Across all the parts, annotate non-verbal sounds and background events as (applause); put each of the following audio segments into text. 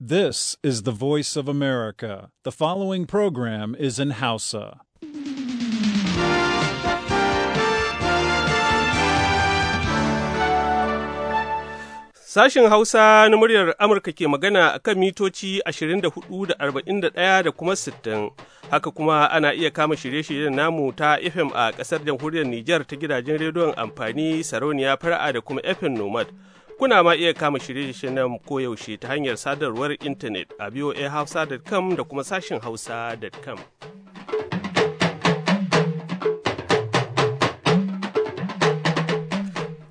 This is the voice of America. The following program is in Hausa. Sashen Hausa na muryar Amurka ke magana a kan mitoci 24 da da kuma 60. Haka kuma ana iya kama shirye-shiryen namu ta FM a ƙasar jamhuriyar Nijar ta gidajen rediyon amfani sarauniya fara'a da kuma FM Nomad. Kuna ma iya kama shirye-shiryen koyaushe ta hanyar sadarwar intanet a voahausa.com da kuma sashin hausa.com.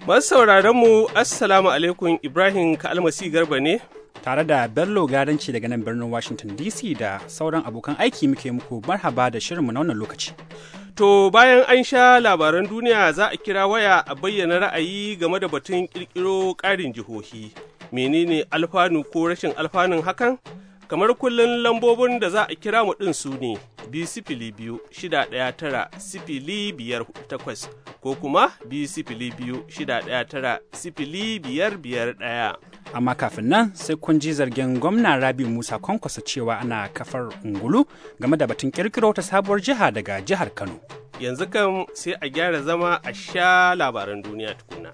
Masu sauraron mu Assalamu alaikum Ibrahim Kalmasi Garba ne. Tare da Bello Garanci daga nan birnin Washington DC da sauran abokan aiki muke muku marhaba da shirinmu na wannan lokaci. To bayan an sha labaran duniya za a kira waya a bayyana ra'ayi game da batun ƙirƙiro ƙarin jihohi. Menene alfanu ko rashin alfanun hakan? Kamar kullum lambobin da za a kira mu ɗin su ne. biyu sifili biyu shida ɗaya tara ko kuma biyu sifili biyu shida ɗaya tara sifili Amma kafin nan sai kun ji zargin gwamna Rabi Musa kwankwaso cewa ana kafar ungulu game da batun kirkiro ta sabuwar jiha daga jihar Kano. Yanzu kan sai a gyara zama a sha labaran duniya tukuna.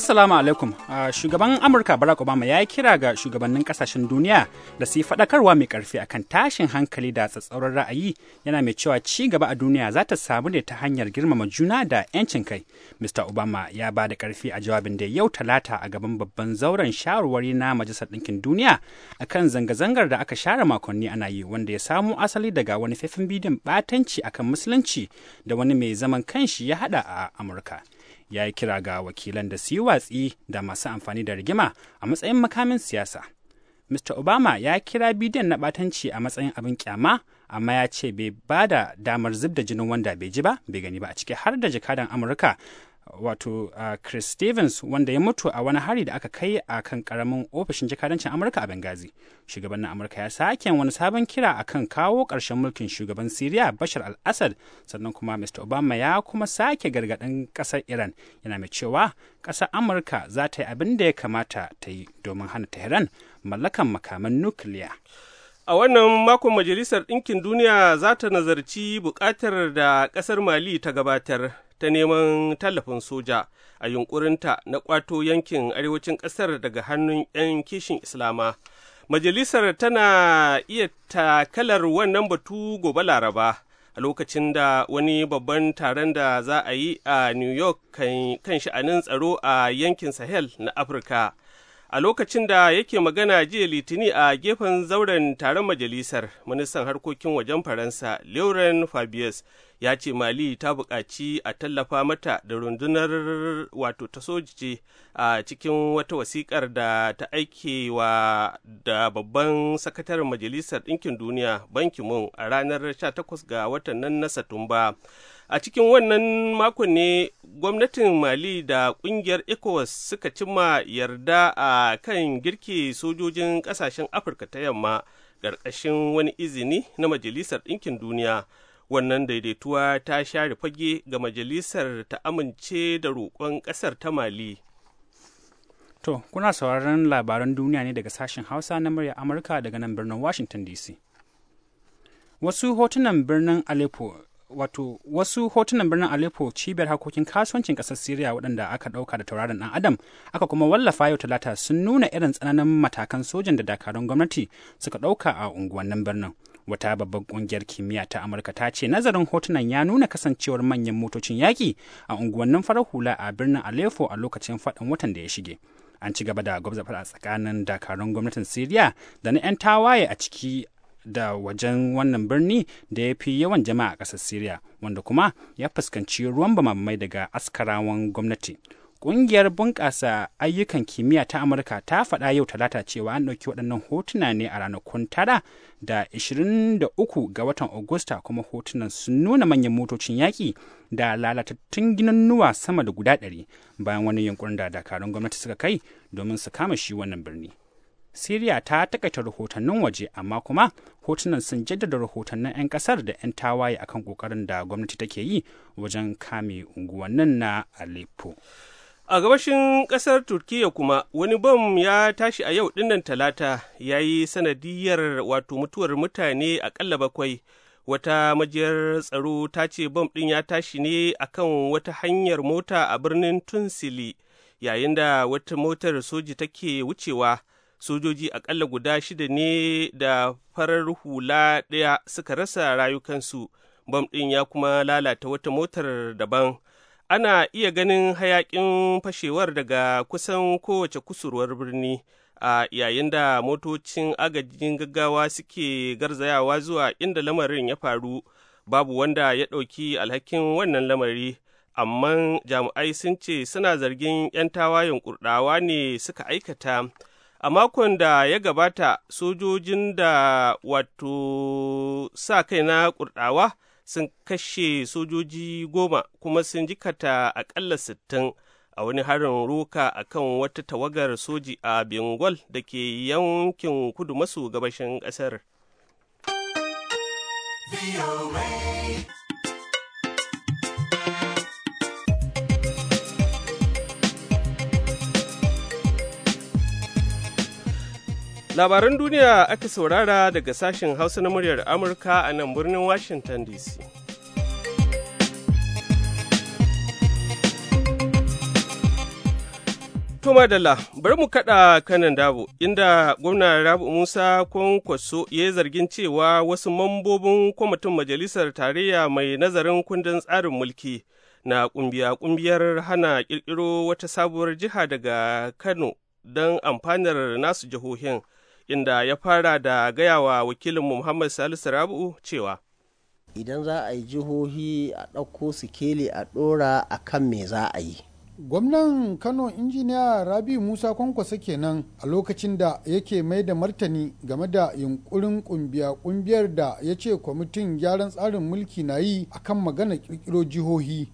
Assalamu alaikum. shugaban Amurka Barack Obama ya yi kira ga shugabannin kasashen duniya da su yi faɗakarwa mai ƙarfi akan tashin hankali da tsatsauran ra'ayi yana mai cewa ci gaba a duniya za ta samu ne ta hanyar girmama juna da 'yancin kai. Mr. Obama ya ba da karfi a jawabin da yau talata a gaban babban zauren shawarwari na Majalisar Ɗinkin Duniya akan zanga-zangar da aka share makonni ana yi wanda ya samo asali daga wani faifin bidiyon ɓatanci akan musulunci da wani mai zaman kanshi ya haɗa a Amurka. ya yi kira ga wakilan da su yi watsi da masu amfani da rigima a matsayin makamin siyasa. Mr. Obama ya kira bidiyon na batanci a matsayin abin kyama, amma ya ce bai bada damar zub da jinin wanda bai ji ba, bai gani ba a ciki har da jakadan Amurka wato Chris Stevens wanda ya mutu a wani hari da aka kai a kan karamin ofishin jakadancin Amurka a Benghazi. Shugaban na Amurka ya sake wani sabon kira a kan kawo ƙarshen mulkin shugaban Siriya Bashar al-Assad sannan kuma Mr. Obama ya kuma sake gargaɗin ƙasar Iran yana mai cewa ƙasar Amurka za ta yi abin da ya kamata ta yi domin hana Tehran mallakan makaman nukiliya. A wannan makon Majalisar Ɗinkin Duniya za ta nazarci buƙatar da ƙasar Mali ta gabatar ta neman tallafin soja a yunƙurinta na ƙwato yankin arewacin ƙasar daga hannun 'yan kishin Islama. Majalisar tana iya takalar wannan batu gobe Laraba a lokacin da wani babban taron da za a yi a New York kan sha'anin tsaro a yankin Sahel na Afirka. A lokacin da yake magana jiya Litini a gefen zauren taron majalisar, ministan harkokin wajen Faransa, Lauren Fabius, ya ce Mali ta buƙaci a tallafa mata da rundunar wato ta soji a cikin wata wasikar da ta aike wa da babban sakataren majalisar ɗinkin duniya Banki mun a ranar 18 ga watan nan na Satumba. A cikin wannan makon ne gwamnatin Mali da ƙungiyar ECOWAS suka cimma yarda a kan girki sojojin ƙasashen Afirka ta yamma ƙarƙashin wani izini na Majalisar Ɗinkin Duniya. Wannan daidaituwa ta share fage ga Majalisar ta amince da roƙon ƙasar ta Mali. To, kuna sauraron labaran duniya ne daga sashen Hausa na murya Amurka daga nan birnin Washington DC. Wasu hotunan birnin Aleppo wato wasu hotunan birnin Aleppo cibiyar harkokin kasuwancin ƙasar Siriya waɗanda aka ɗauka da tauraron ɗan Adam aka kuma wallafa yau talata sun nuna irin tsananin matakan sojan da dakarun gwamnati suka ɗauka a unguwannin birnin. Wata babban ƙungiyar kimiyya ta Amurka ta ce nazarin hotunan ya nuna kasancewar manyan motocin yaƙi a unguwannin farar hula a birnin Aleppo a lokacin faɗin watan da ya shige. an ci gaba da gwabza a tsakanin dakarun gwamnatin siriya da na 'yan tawaye a ciki da wajen wannan birni da ya fi yawan jama'a a ƙasar Siriya, wanda kuma ya fuskanci ruwan bamamai daga askarawan gwamnati. Ƙungiyar bunƙasa ayyukan kimiyya ta Amurka ta faɗa yau talata cewa an ɗauki waɗannan hotuna ne a ranakun tara da 23 ga watan Agusta kuma hotunan sun nuna manyan motocin yaƙi da lalatattun ginannuwa sama da guda ɗari bayan wani yunkurin da dakarun gwamnati suka kai domin su kama shi wannan birni. Siriya ta takaita rahotannin waje amma kuma hotunan sun jaddada rahotannin 'yan kasar da 'yan tawaye akan kokarin da gwamnati take yi wajen kame unguwannin na Aleppo. A gabashin kasar Turkiyya kuma wani bom ya tashi a yau dinnan talata ya yi sanadiyar wato mutuwar mutane akalla bakwai. Wata majiyar tsaro ta ce bom din ya tashi ne akan wata hanyar mota a birnin Tunsili yayin da wata motar soji take wucewa. sojoji akalla guda shida ne da farar hula ɗaya suka rasa rayukansu bam ɗin ya kuma lalata wata motar daban ana iya ganin hayaƙin fashewar daga kusan kowace kusurwar birni a yayin da motocin agajin gaggawa suke garzayawa zuwa inda lamarin ya faru babu wanda ya ɗauki alhakin wannan lamari amma jami'ai sun ce suna zargin 'yan tawayen kurɗawa ne suka aikata a makon da ya gabata sojojin da wato sa kai na kurdawa sun kashe sojoji goma kuma sun jikata aƙalla sittin a wani harin roka a kan wata tawagar soji a bengal da ke yankin kudu maso gabashin ƙasar. Labaran duniya aka saurara daga sashen Hausa na muryar Amurka a nan birnin Washington DC. Tuma Dalla, bari mu kaɗa kanan dabo, inda gwamna Rabu Musa Kwankwaso ya yi zargin cewa wasu mambobin kwamitin Majalisar Tarayya mai nazarin kundin tsarin mulki na kungiya-kungiyar hana ƙirƙiro wata sabuwar jiha daga Kano don amfanar nasu jihohin. inda ya fara da gaya wa wakilinmu Muhammad Salisu Rabu'u cewa. Idan za a yi jihohi a ɗauko sikeli a ɗora a kan me za a yi. Gwamnan Kano injiniya Rabi Musa Kwankwasa kenan a lokacin da yake mai da martani game da yunkurin ƙungiya-ƙungiyar da ya ce kwamitin gyaran tsarin mulki na yi akan magana ƙirƙiro jihohi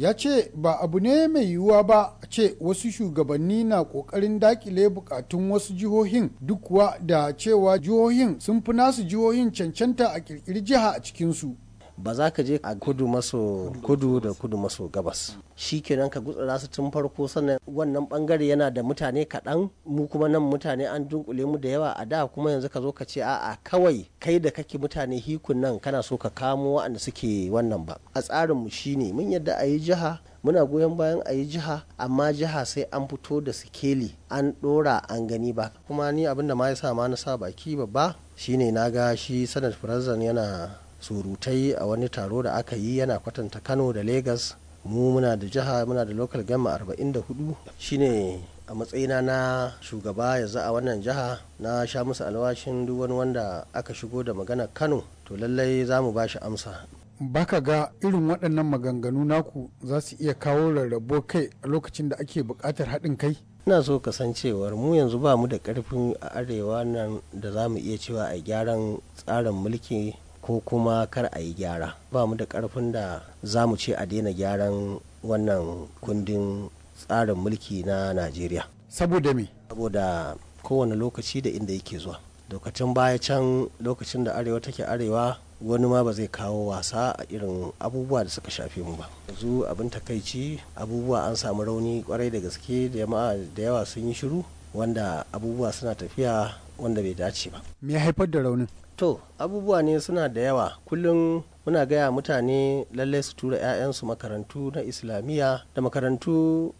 ya ce ba abu ne mai yiwuwa ba a ce wasu shugabanni na kokarin dakile bukatun wasu jihohin duk da cewa jihohin sun fi nasu jihohin cancanta a kirkiri jiha a cikinsu ba za ka je a kudu maso kudu da kudu maso gabas shi kenan ka gutsura su tun farko sannan wannan bangare yana da mutane kaɗan mu kuma nan mutane an dunkule mu da yawa a da kuma yanzu ka zo ka ce a'a kawai kai da kake mutane hikun nan kana so ka kamo waɗanda suke wannan ba a tsarin mu shine mun yadda a yi jiha muna goyon bayan a yi jiha amma jiha sai an fito da sikeli an ɗora an gani ba kuma ni abinda ma ya sa ma na sa baki babba shine na ga shi sanad firazan yana surutai a wani taro da aka yi yana kwatanta kano da legas mu muna da jiha muna da lokal gama 44 shine a matsayina na shugaba yanzu a wannan jiha na sha musu alwashin duk wani wanda aka shigo da magana kano to lallai za mu ba shi amsa baka ga irin waɗannan maganganu naku za su iya kawo rarrabo kai a lokacin da ake buƙatar haɗin kai ina so kasancewar mu yanzu ba mu da ƙarfin a arewa nan da za mu iya cewa a gyaran tsarin mulki ko kuma kar a yi gyara ba mu da karfin da za mu ce a daina gyaran wannan kundin tsarin mulki na najeriya saboda me saboda kowane lokaci da inda yake zuwa lokacin baya can lokacin da arewa take arewa wani ma ba zai kawo wasa a irin abubuwa da suka shafe mu ba yanzu abin takaici abubuwa an samu rauni kwarai da gaske da jama'a da yawa sun yi shiru wanda abubuwa suna tafiya wanda bai dace ba me haifar da raunin to abubuwa ne suna da yawa kullum muna gaya mutane lallai su tura 'ya'yansu makarantu na islamiyya da makarantu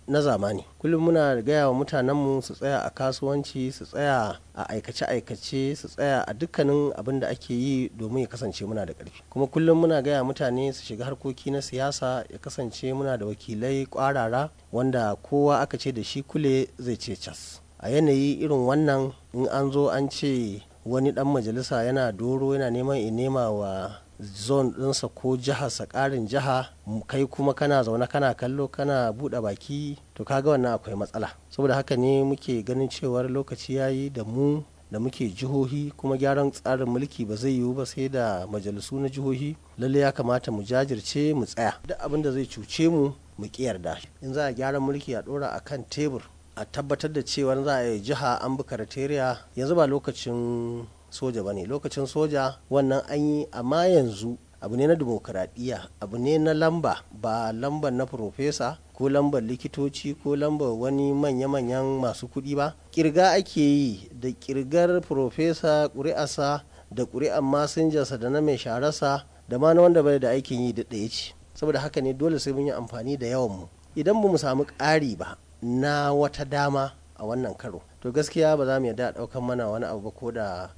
na zamani kullum muna gaya wa mutanenmu su tsaya a kasuwanci su tsaya a aikace-aikace su tsaya a dukkanin abin da ake yi domin ya kasance muna da ƙarfi kuma kullum muna gaya mutane su shiga harkoki na siyasa ya kasance muna da wakilai kwarara wanda kowa aka ce da shi kule zai ce cas a yanayi irin wannan in an zo an ce wani dan majalisa yana doro yana neman in nema wa zone ɗinsa ko jiharsa karin jiha kai kuma kana zaune kana kallo kana buɗe baki to kaga wannan akwai matsala saboda haka ne muke ganin cewar lokaci yayi da mu da muke jihohi kuma gyaran tsarin mulki ba zai yiwu ba sai da majalisu na jihohi lalle ya kamata mu jajirce mu tsaya duk abin da zai cuce mu mu yarda in za a gyara mulki a ɗora akan tebur a tabbatar da cewa za a yi jiha an bi karateriya yanzu ba lokacin soja ba ne lokacin soja wannan an yi amma yanzu abu ne na dimokuraɗiyya abu ne na lamba ba lambar na profesa ko lambar likitoci ko lambar wani manya-manyan masu kuɗi ba kirga ake yi da ƙirgar profesa ƙuri'arsa da ƙuri'an masinjarsa da na mai shararsa da ma na wanda bai da aikin yi da ɗaya ce saboda haka ne dole sai mun yi amfani da yawan mu idan ba mu samu ƙari ba na wata dama a wannan karo to gaskiya ba za mu yarda a ɗaukan mana wani abu ba ko da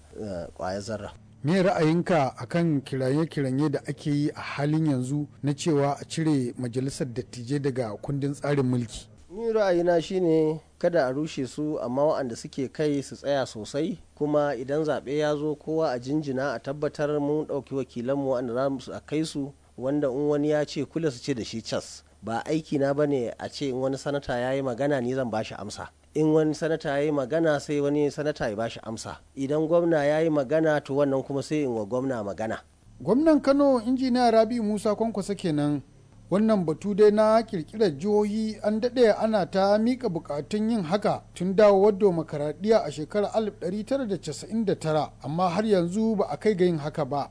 kwaya eh, zarra me ra'ayinka kan kiraye-kiraye da ake yi a halin yanzu na cewa a cire majalisar dattijai daga kundin tsarin mulki ni ra'ayina shine kada a rushe su amma waɗanda suke kai su tsaya sosai kuma idan zaɓe ya zo kowa a jinjina a tabbatar mun ɗauki wakilanmu waɗanda za mu a kai su wanda in wani ya ce kula su ce da shi cas ba aikina ba ne a ce in wani sanata ya yi magana ni zan bashi amsa in wani sanata ya yi magana sai wani sanata ya bashi amsa idan gwamna ya yi magana to wannan kuma sai in wa gwamna magana gwamnan kano injiniya rabi musa kwankwasa kenan wannan batu dai na kirkirar jihohi an daɗe ana ta mika bukatun yin haka tun dawowar domakaraɗiya a shekarar 1999 amma har yanzu ba a kai ga yin haka ba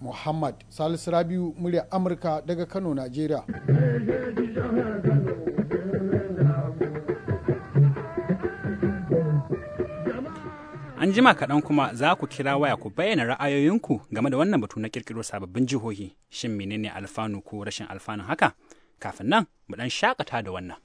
Muhammad Salisu Rabiu murya Amurka daga Kano, Najeriya. An jima kaɗan kuma za ku kira waya ku bayyana ra'ayoyinku game da wannan batu na kirkiro sababbin jihohi. Shin menene alfanu ko rashin alfanu haka? Kafin nan, mu ɗan shakata da wannan.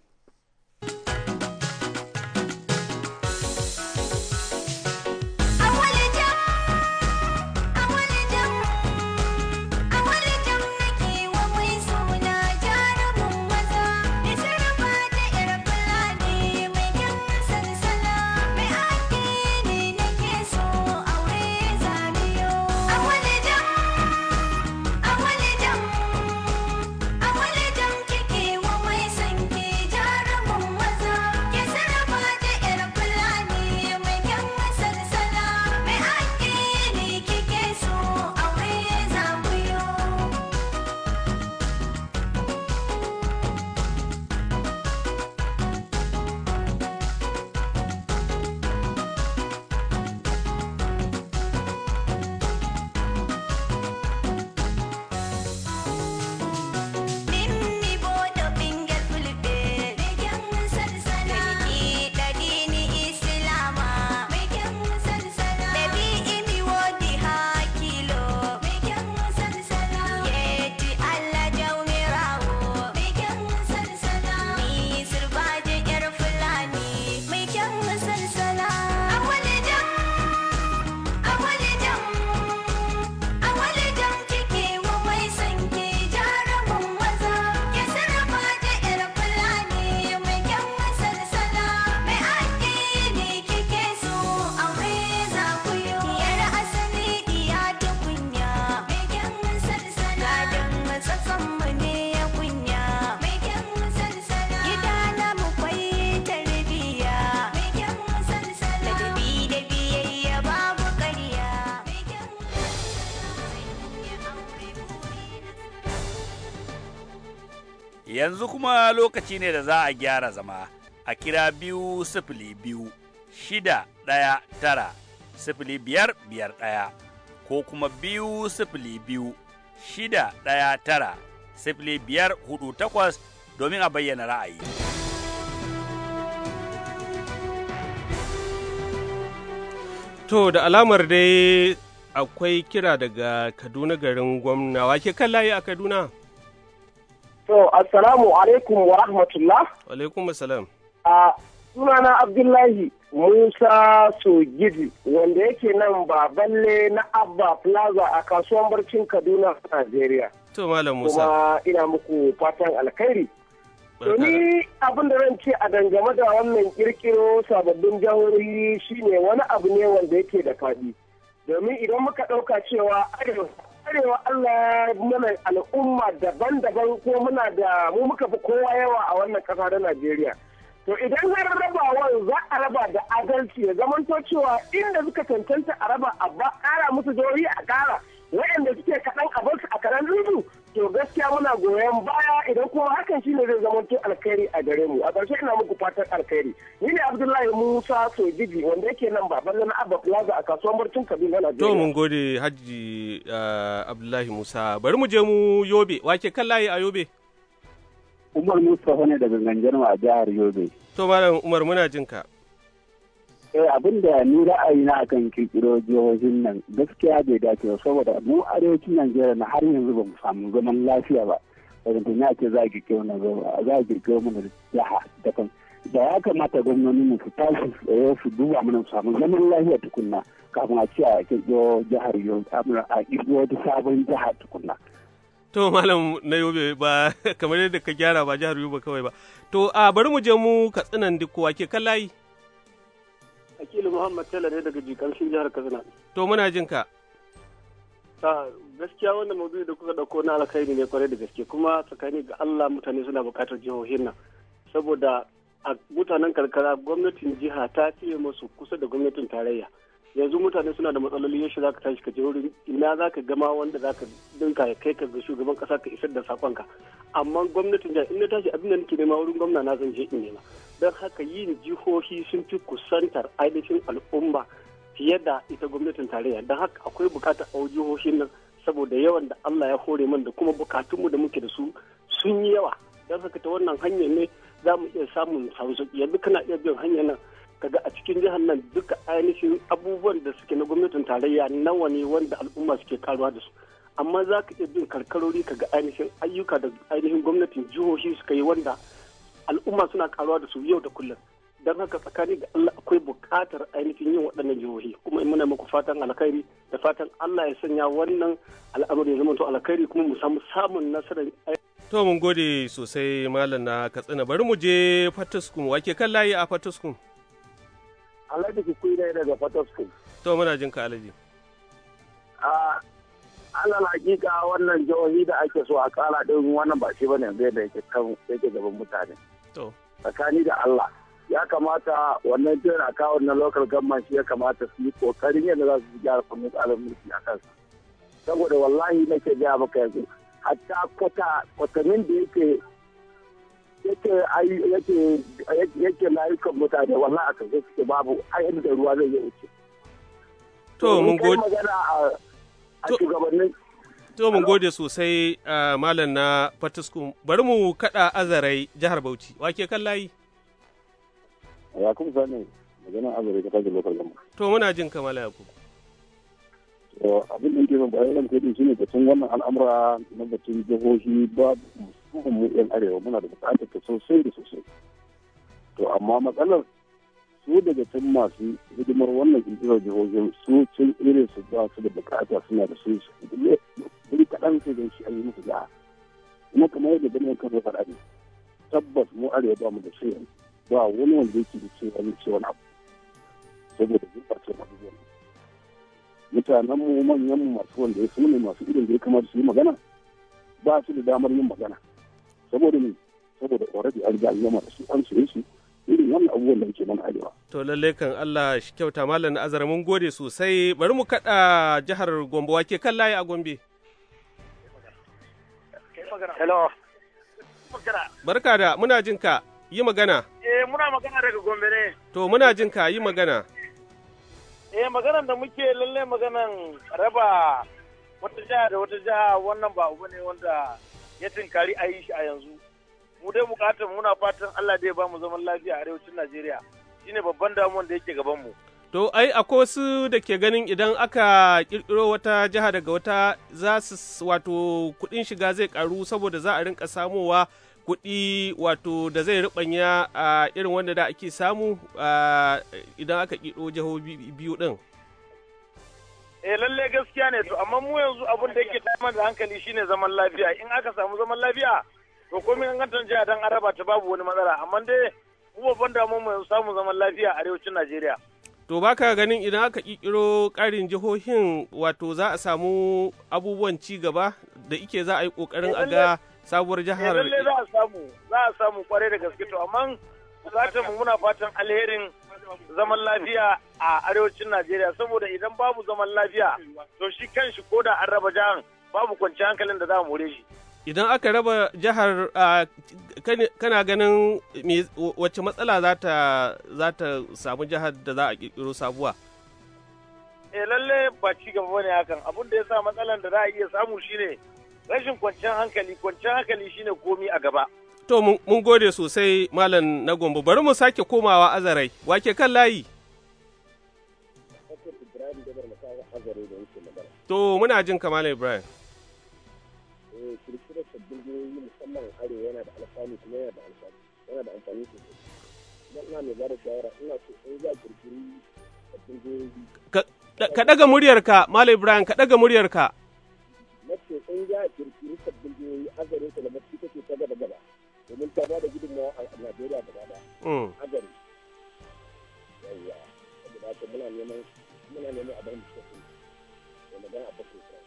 yanzu kuma lokaci ne da za a gyara zama a kira biyu sifili biyu shida ɗaya tara sifili biyar biyar ɗaya ko kuma biyu sifili biyu shida ɗaya tara sifili biyar hudu takwas domin a bayyana ra'ayi. To da alamar dai akwai kira daga Kaduna garin gwamna, wake kan layi a Kaduna? so assalamu alaikum wa rahmatullah. Alaikum salam. A sunana Abdullahi Musa Sogidi wanda yake nan baballe na Abba Plaza a kasuwan barcin Kaduna, Najeriya. To, Malam Musa. Kuma ina muku fatan alkhairi. To ni abin da zan ce a dangane da wannan kirkiro sababbin shi shine wani abu ne wanda yake da faɗi. Domin idan muka ɗauka cewa arewa arewa Allah mana al'umma daban-daban ko muna da mu muka fi kowa yawa a wannan kasa da Najeriya. To idan har rabawar za a raba da adalci ya zamanto cewa inda suka cancanta a raba a ba ƙara musu dori a ƙara waɗanda suke kaɗan a a karan rudu to gaskiya muna goyon baya idan kuma hakan shi ne zai zamanto alkhairi a gare mu a ƙarshe ina muku fatan alkhairi ni ne abdullahi musa sojiji wanda yake nan ba ban na abba plaza a kasuwar martin na najeriya to mun gode hajji uh, abdullahi musa bari mu je mu yobe wake kan layi a yobe umar musa ne daga gangan a jihar yobe to malam umar muna jinka eh abin da ni ra'ayina akan kirkiro jihohin nan gaskiya bai dace ba saboda mu arewacin najeriya na har yanzu ba mu samu zaman lafiya ba daga ya ce za a kirkiro na za a kirkiro mana jiha kan da ya kamata gwamnoni mu su tashi tsaye su duba mana su samu zaman lafiya tukunna kafin a ce a kirkiro jihar yau a kirkiro wata sabon jiha tukunna. To malam na yobe ba (laughs) kamar yadda ka gyara ba jihar yobe kawai ba. To a bari mu je mu katsinan duk kowa ke kallayi. layi. Akilu Muhammad Tela ne daga Jikamshin jihar Katsina. To muna jin ka. Ta gaskiya wannan maudu'i da kuka dauko na alkhairi ne kwarai da gaske kuma tsakani ga Allah mutane suna bukatar jihohin nan saboda a mutanen karkara gwamnatin jiha ta fiye masu kusa da gwamnatin tarayya. yanzu mutane suna da matsaloli ya za ka tashi ka je wurin ina za ka gama wanda za ka dinka ya kai ka ga shugaban kasa ka isar da sakonka amma gwamnatin jihar ina tashi abin da nake nema wurin gwamna na zan je in nema don haka yin jihohi sun fi kusantar ainihin al'umma fiye da ita gwamnatin tarayya don haka akwai bukatar a jihohi nan saboda yawan da Allah ya hore man da kuma bukatunmu da muke da su sun yi yawa don haka ta wannan hanyar ne za mu iya samun sauƙi yanzu kana iya biyan hanyar nan kaga a cikin jihar nan duka ainihin abubuwan da suke na gwamnatin tarayya nawa ne wanda al'umma suke karuwa da su amma za ka iya bin karkarori kaga ainihin ayyuka da ainihin gwamnatin jihohi suka yi wanda al'umma suna karuwa da su yau da kullum don haka tsakani da Allah akwai buƙatar ainihin yin waɗannan jihohi kuma in muna muku fatan alkhairi da fatan Allah ya sanya wannan al'amari ya zama to alkhairi kuma mu samu samun nasarar To mun gode sosai malam na Katsina bari mu je Fataskum wake kan layi a fatuskum Alhaji Kukui ne daga Fataskun. To muna jin ka Alhaji. alal hakika wannan jihohi da ake so a kara ɗin wannan ba shi bane zai da yake kan yake gaban mutane. To. Tsakani da Allah ya kamata wannan jihar a kawo na lokal government shi ya kamata su yi kokarin yadda za su gyara kundin tsarin mulki a kansa. Saboda wallahi nake gaya maka yanzu hatta kwata da yake yake layukan mutane wallahi a kashe suke babu a da ruwa zai yi wuce. To mun gode. magana a shugabannin. To mun gode sosai malam na Fatisku. Bari mu kada azarai jihar Bauchi. Wa ke kan layi? Ya kuma sani maganar azarai ta kaji lokar gama. To muna jin kamala ya kuma. To abin da ke zan bayan kai shi ne batun wannan al'amura na batun jihohi babu musamman mu yan arewa muna da bukatar ta sosai da sosai to amma matsalar su daga can masu hidimar wannan jirgin jihohin su can irin su ba su da bukata suna da sun su wani kaɗan sai don shi an yi musu da kuma kamar yadda ganin kan faɗa ne tabbas mu arewa ba mu da shi ba wani wanda yake da ce wani ce wani abu saboda gurɓacewar abubuwan mutanen mu manyan masu wanda ya su ne masu irin da ya kamata su yi magana ba su da damar yin magana saboda ne saboda already an ga al'umma da su an saye su irin wannan abubuwan da ke mana arewa. To lalle kan Allah shi kyauta malam azara mun gode sosai bari mu kada jihar Gombe wake kan layi a Gombe. Hello. Barka da muna jin ka yi magana. Eh muna magana daga Gombe ne. To muna jin ka yi magana. Eh maganan da muke lalle maganan raba wata jiha da wata jiha wannan ba ne wanda ya tinkari a yi shi a yanzu mu dai bukatar muna fatan Allah zai ba mu zaman lafiya a arewacin Najeriya ne babban damuwan da yake gaban mu to ai akwai wasu da ke ganin idan aka kirkiro wata jiha daga wata za su wato kudin shiga zai karu saboda za a rinka samowa kuɗi wato da zai ribanya a irin wanda da ake samu idan aka kirkiro jihohi biyu din eh lalle gaskiya ne to amma mu yanzu abin da yake damar da hankali shine zaman lafiya in aka samu zaman lafiya to komai an gantar jiya dan araba ta babu wani matsala amma dai mu babban damuwar mu yanzu samu zaman lafiya a arewacin Najeriya to baka ganin idan aka kikiro karin jihohin wato za a samu abubuwan ci gaba da ike za a yi kokarin a eh, ga sabuwar jihar eh, lalle za a samu za a samu kwarai da gaske to amma bukatar mu muna fatan alherin zaman lafiya a arewacin Najeriya saboda idan babu zaman lafiya to shi kanshi ko da an raba jihar babu kwanciyar hankalin da za mu more shi. Idan aka raba jihar kana ganin wacce matsala za ta samu jihar da za a kirkiro sabuwa? e lalle ba ci gaba ne hakan abin da ya sa matsalan da za a iya samu shine rashin kwanciyar hankali kwanciyar hankali shine komi a gaba. To, mun gode sosai Malam na gombe bari mu sake komawa azarai, wake kan layi? To, muna jin kamala Ibrahim. Kirkirar sabbin jihohi musamman arewa yana Ka ɗaga muryarka, Malam Ibrahim, ka ɗaga muryarka. Mace in ya ƙirƙiri sabbin jiyoyi azarin su da mace take ta gaba gaba. domin ta ba da gudunmawa a najeriya da bada mm. a gari yawwa gida ta muna neman muna neman abin da suka da magana abin da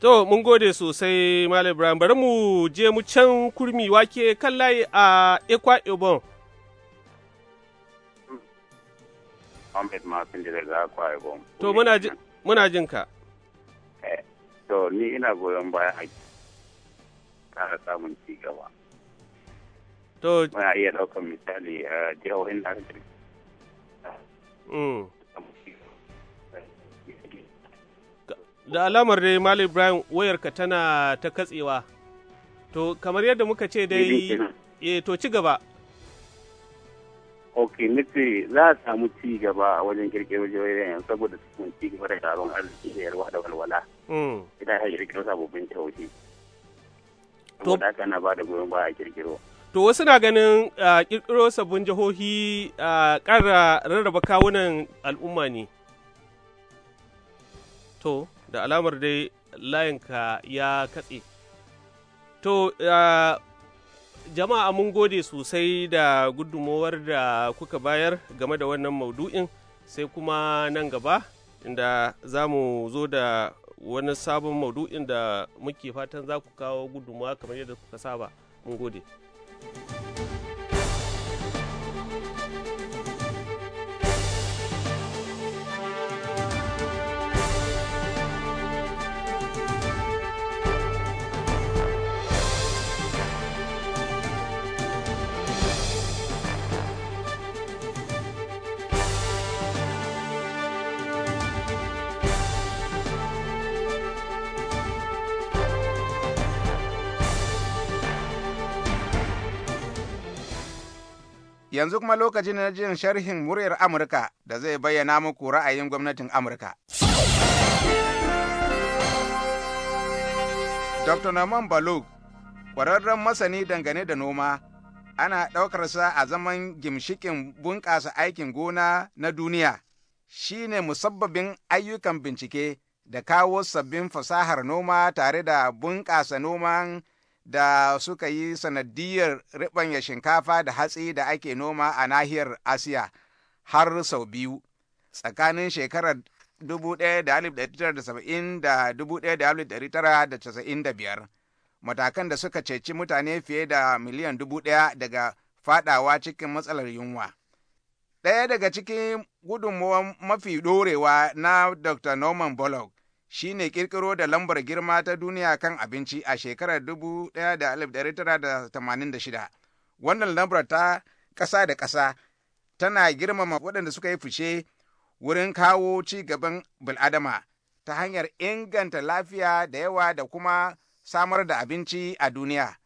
To, mun gode sosai Malam Ibrahim, bari mu je mu can kurmi wake kan layi a Ekwa Ibon. Ahmed Mafin daga Ekwa Ibon. To, muna jin ka. Eh, to, ni ina goyon baya a kara samun ci gaba. To muna iya ɗaukar misali a jihohin da mm. alamar dai brian Ibrahim wayarka tana ta katsewa. To kamar yadda muka ce dai eh to ci gaba. ok nufi za a samu ci gaba a wajen kirkiro jihohin yanzu saboda sun ci gaba da taron arziki da yarwa da walwala mm. idan ya kirkiro sabobin jihohi to da haka na ba da goyon a kirkiro To wasu na ganin ƙirƙiro sabbin jihohi a ƙara rarraba kawunan al'umma ne. To, da alamar dai layinka ya katse. To, jama'a mun gode sosai da gudumawar da kuka bayar game da wannan maudu'in sai kuma nan gaba inda za mu zo da wani sabon maudu'in da muke fatan za ku kawo gudunmawa kamar yadda kuka saba mun gode. yanzu kuma lokacin na jin sharhin muryar Amurka da zai bayyana muku ra'ayin gwamnatin Amurka. Dr. Norman Balog, ƙwararren masani dangane da noma, ana ɗaukarsa a zaman gimshikin bunƙasa aikin gona na duniya, shi ne musabbabin ayyukan bincike da kawo sabbin fasahar noma tare da bunƙasa noman da suka yi sanadiyar ribanya shinkafa da hatsi da ake noma a nahiyar Asiya har sau biyu tsakanin shekarar 1970 da 1995 matakan da suka ceci mutane fiye da miliyan dubu daga fadawa cikin matsalar yunwa. Ɗaya daga cikin gudunmuwa mafi ɗorewa na Dr. Norman Bullock shi ne kirkiro da lambar girma ta duniya kan abinci a shekarar 1986. Wannan lambar ta ƙasa da ƙasa tana girmama waɗanda suka yi fice wurin kawo ci gaban bil'adama ta hanyar inganta lafiya da yawa da kuma samar da abinci a duniya.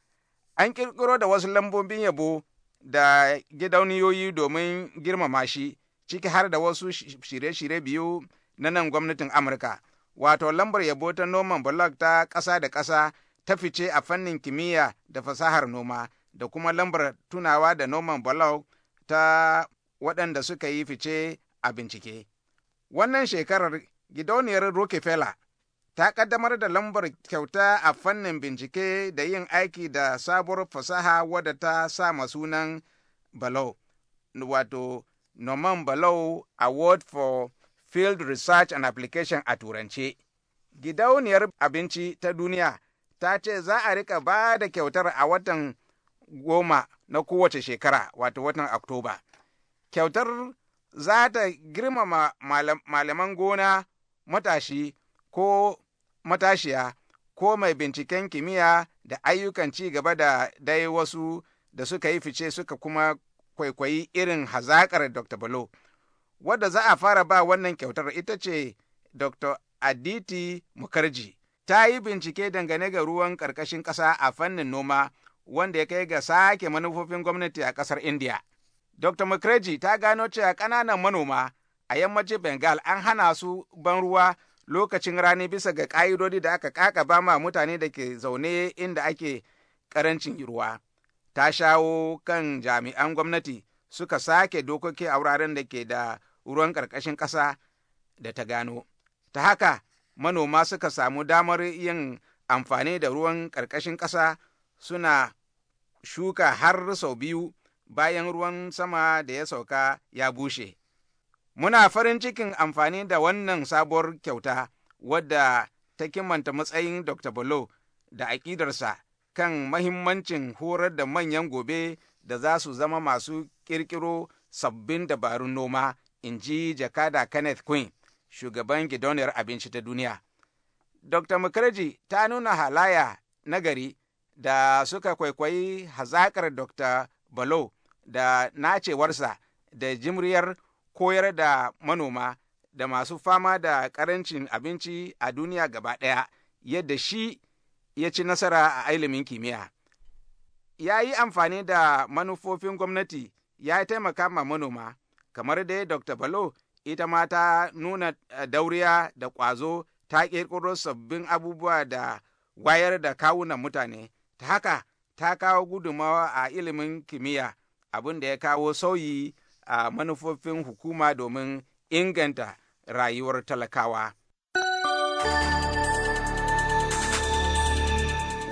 An kirkiro da wasu lambobin yabo da gidauniyoyi domin girmama shi, ciki har da wasu shirye-shirye biyu na nan gwamnatin Amurka. wato lambar yabo ta noman blog ta ƙasa da ƙasa ta fice a fannin kimiyya da fasahar noma da kuma lambar tunawa da noman blog ta waɗanda suka yi fice a bincike. Wannan shekarar gidauniyar Rockefeller ta ƙaddamar da lambar kyauta a fannin bincike da yin aiki da sabuwar fasaha wadda ta sama sunan Balow, wato Norman balau Award for Field Research and Application a Turance. Gidauniyar Abinci ta Duniya ta ce za a rika ba da kyautar a watan goma na kowace shekara, wato watan Oktoba. Kyautar za ta girmama malaman gona matashi ko matashiya ko mai binciken kimiyya da ayyukan ci gaba da dai wasu da suka yi fice suka kuma kwaikwayi irin hazakar Dr. Balo. wadda za a fara ba wannan kyautar ita ce Dr. Aditi Mukherjee. Ta yi bincike dangane ga ruwan ƙarƙashin ƙasa a fannin noma wanda ya kai ga sake manufofin gwamnati a ƙasar India. Dr. Mukherjee ta gano cewa ƙananan manoma a yammacin Bengal an hana su ban ruwa lokacin rani bisa ga ƙa'idodi da aka ƙaƙaba ma mutane da ke zaune inda ake ƙarancin ruwa. Ta shawo kan jami'an gwamnati suka sake dokoki a wuraren da ke da ruwan ƙarƙashin ƙasa da ta gano. Ta haka manoma suka samu damar yin amfani da ruwan ƙarƙashin ƙasa suna shuka har sau biyu bayan ruwan sama da ya sauka ya bushe. Muna farin cikin amfani da wannan sabuwar kyauta wadda ta kimanta matsayin Dr. Bolo da aƙidarsa kan mahimmancin horar da manyan gobe da za su zama masu ƙirƙiro sabbin dabarun noma in ji jakada kenneth queen shugaban gidauniyar abinci ta duniya dr Mukarji ta nuna halaya na gari da suka kwaikwayi hazakar dr balo da nacewarsa da jimriyar koyar da manoma da masu fama da ƙarancin abinci a duniya gaba ɗaya yadda shi ya ci nasara a ilimin kimiyya ya yi amfani da manufofin gwamnati ya taimaka ma manoma kamar dai dr balo ita ma ta nuna eh, dauriya da ƙwazo ta kirkiro sabbin abubuwa da wayar da kawunan mutane ta haka ta kawo gudumawa a ilimin kimiyya abin da ya kawo sauyi a manufofin hukuma domin inganta rayuwar talakawa.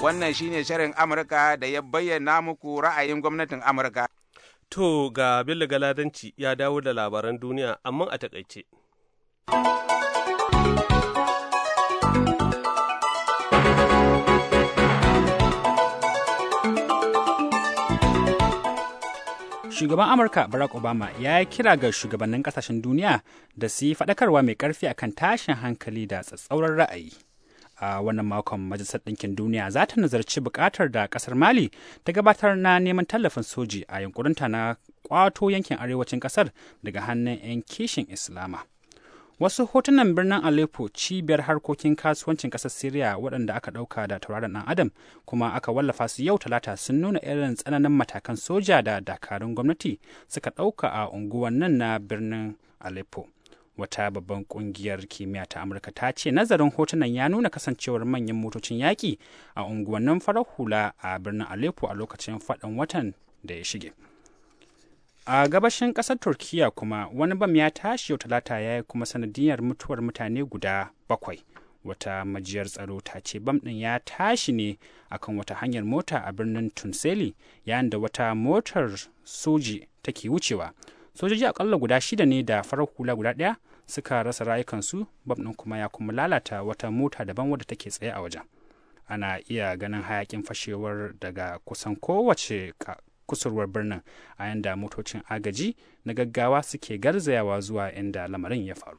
Wannan shine shirin Amurka da ya bayyana muku ra'ayin gwamnatin Amurka. To ga Bello Galadanci ya dawo da labaran duniya amma a takaice. Shugaban Amurka Barack Obama ya yi kira ga shugabannin kasashen duniya da su yi faɗakarwa mai ƙarfi akan tashin hankali da tsatsauran ra'ayi. a wannan makon majalisar ɗinkin duniya za ta nazarci buƙatar da ƙasar mali ta gabatar na neman tallafin soji a yankurinta na ƙwato yankin arewacin ƙasar daga hannun 'yan kishin islama wasu hotunan birnin Aleppo cibiyar harkokin kasuwancin ƙasar Siriya waɗanda aka ɗauka da tauraron ɗan Adam kuma aka wallafa su yau talata sun nuna irin tsananin matakan soja da dakarun gwamnati suka ɗauka a unguwannin na birnin Aleppo. wata babban kungiyar kimiyya ta amurka ta ce nazarin hotunan ya nuna kasancewar manyan motocin yaƙi a unguwannin farar hula a birnin aleppo a lokacin faɗin watan da ya shige a gabashin ƙasar turkiya kuma wani bam ya tashi yau talata ya yi kuma sanadiyar mutuwar mutane guda bakwai wata majiyar tsaro ta ce bam ɗin ya tashi ne akan wata hanyar mota a birnin tunseli yayin da wata motar soji take wucewa sojoji akalla guda shida ne da farar hula guda ɗaya suka rasa rayukansu bam ɗin kuma ya kuma lalata wata mota daban wadda take tsaye a wajen ana iya ganin hayakin fashewar daga kusan kowace kusurwar birnin a yanda motocin agaji na gaggawa suke garzayawa zuwa inda lamarin ya faru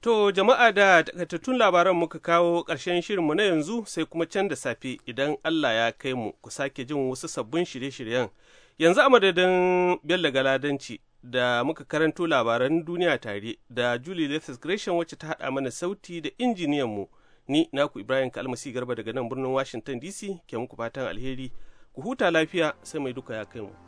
To jama'a da takaitattun labaran muka kawo ƙarshen shirinmu na yanzu sai kuma can da safe idan Allah ya kai mu ku sake jin wasu sabbin shirye-shiryen. Yanzu a madadin Bello Galadanci da muka karanto labaran duniya tare da Julie Lethes Gresham wacce ta haɗa mana sauti da injiniyan mu ni naku Ibrahim Kalmasi Garba daga nan birnin Washington DC ke muku fatan alheri ku huta lafiya sai mai duka ya kai mu.